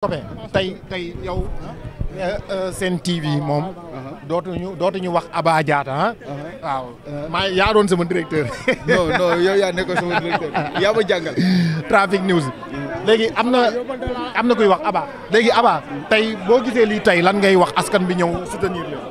copain tey tey yow eh, eh, seen TV moom dootuñu dootuñu wax Aba Diatta ah waaw maa yaa doon sama directeur non non yow yaa nekkoon sama directeur yaa ma jàngal Trafic News léegi am na am na kuy wax Aba léegi Aba tey boo gisee lii tey lan ngay wax askan bi ñëw soutenir yow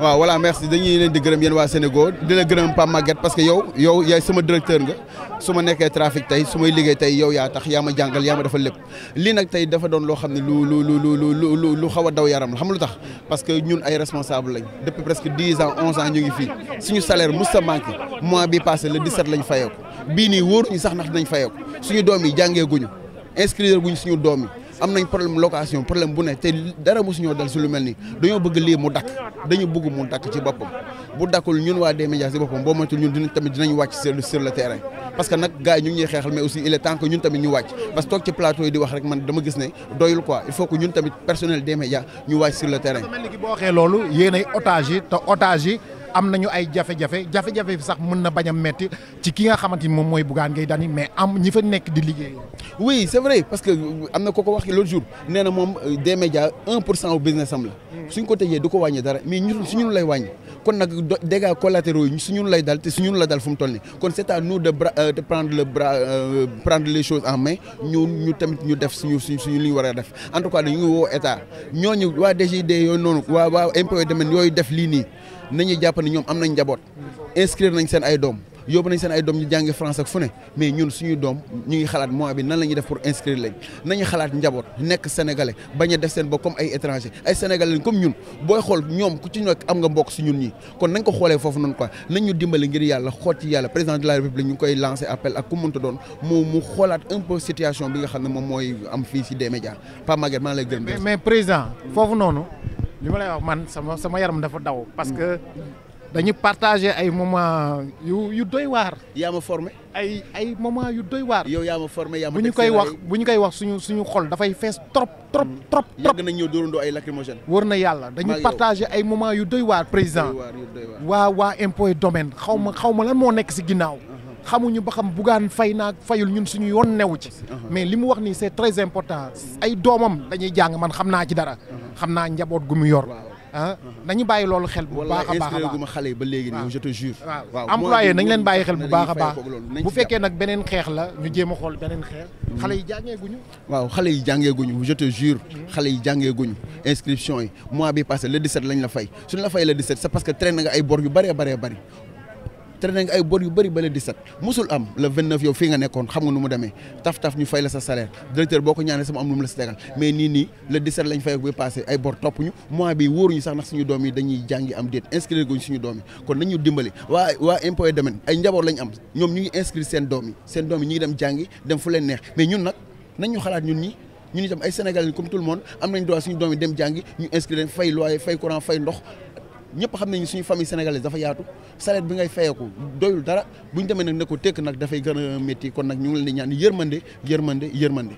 waaw voilà merci dañuy leen di gërëm yéen waa Sénégal di la gërëm Pape Maguette parce que yow yow yaay sama directeur nga su ma nekkee trafic tey su may liggéey tey yow yaa tax yaa ma jàngal yaa ma defal lépp lii nag tey dafa doon loo xam ne lu lu lu lu lu lu xaw a daw yaram la xam lu tax parce que ñun ay responsable lañ depuis presque dix ans onze ans ñu ngi fii suñu salaire musta manqué mois bi passé le 17 lañ fayeeku bii nii wóoruñu sax ndax dinañ fayeeku suñu doom yi jàngee guñu inscrire suñu doom yi am nañ problème location problème bu ne te dara mosuñoo dal si lu mel nii dañoo bëgg lii mu dakk dañu bëgg mu dakk ci boppam bu dakkul ñun waa des médias si boppam boo moytul ñun dinañ tamit dinañ wàcc sur le terrain parce que nag gars yi ñu ngi ñuy xeexal mais aussi il est temps que ñun tamit ñu wàcc parce que toog ci plateau yi di wax rek man dama gis ne doyul quoi il faut que ñun tamit personnel des médias ñu wàcc sur le terrain. boo waxee loolu yéenay otage am nañu ay jafe-jafe jafe bi sax mën na bañ a metti ci ki nga xamante ni moom mooy Bougane Gueye Dany mais am ñi fa nekk di liggéey oui c'est vrai parce euh, na ko ko wax l'autre jour na moom euh, des médias un pour cent au business am la mm. suñ ko tëjee du ko wàññi dara mais ñun lay wàññi kon nag dégâts collatéraux yi suñu lay dal te suñu la dal fu mu toll nii kon c'est à de euh, de prendre le bras prendre les en main ñu ñu tamit ñu def suñu suñ suñu li ñu a def en tout cas dañu woo état ñooñu waa DGID yooyu noonu waa waa impôt domaine yooyu def lii nii nañuy jàpp ne ñoom am nañ njaboot inscrire nañ seen ay doom yóbbu nañ seen ay doom ñu jàngi France ak fu ne mais ñun suñu doom ñu ngi xalaat mois bi nan la ñuy def pour inscrire lañ nañu xalaat njaboot nekk sénégalais bañ a def seen bopp comme ay étranger ay sénégalais comme ñun booy xool ñoom ku ci nekk am nga mbokk si ñun ñi kon nañ ko xoolee foofu noonu quoi nañ ñu dimbale ngir yàlla xool ci yàlla président de la république ñu koy lancé appel ak ku mënta mu xoolaat un peu bi nga xam ne moom mooy am si des médias Pa Maguette maa ngi lay gërëm mais président noonu li ma lay wax man sama sama yaram dafa daw. parce que dañu partagé ay moments yu yu doy waar. yaa ma formé. ay ay moments yu doy waar. yow yaa ma yaa bu ñu koy wax bu ñu koy wax suñu suñu xol dafay fees trop. trop mm. trop trop nañ ñëw dóorandoo ay lacrymogène. wër na yàlla dañu partagé ay moments yu doy waar président. waa waa impôt domaine xaw ma xaw ma lan moo nekk si ginnaaw. Uh-huh. xamuñu ba xam bugaan fay naa fayul ñun suñu yoon newu ci. Uh-huh. mais li mu wax nii c'est très important. ay doomam dañuy jàng man xam naa ci dara. Uh-huh. xam naa njaboot gu mu yor. ah nañu bàyyi loolu xel bu baax a baax a baax xale yi ba léegi nii je te jure. waaw employé leen bàyyi xel bu baax a baax bu fekkee nag beneen xeex la ñu jéem xool beneen xeex. Mm-hmm. xale yi jàngee guñu. waaw xale yi jàngee guñu je te jure. Mm-hmm. xale yi jàngee guñu inscription yi mois bi passé le 17 lañ la fay suñ la fay le 17 c'est parce que traîné nga ay bor yu bëree bare bëri. traîné nga ay bor yu bëri ba le 17 musul am le 29 yow fii nga nekkoon xam nga nu mu demee taf taf ñu fay la sa salaire directeur boo ko ñaanee sama am lu mu la si mais nii nii le 17 lañ fay ak bi passé ay bor topp ñu mois bi wóoruñu sax ndax suñu doom yi dañuy jàngi am déet inscrire guñ suñu doom yi kon nañu dimbali waa waa lañ am ñoom ñu ngi inscrire seen doom yi seen doom yi ñu ngi dem jàngi dem fu leen neex mais ñun nag nañ ñu xalaat ñun ñi ñu ñun itam ay sénégalais comme tout le monde am nañ droit suñu doom yi dem jàngi ñu inscrire fay loyer fay courant fay ndox ñëpp xam nañu suñu famille sénégalaise dafa yaatu salaire bi ngay fayeeku doyul dara bu ñu demee nag ne ko tekk nag dafay gën a métti kon nag ñu ngi leen di ñaan yërmande yërmande yërmande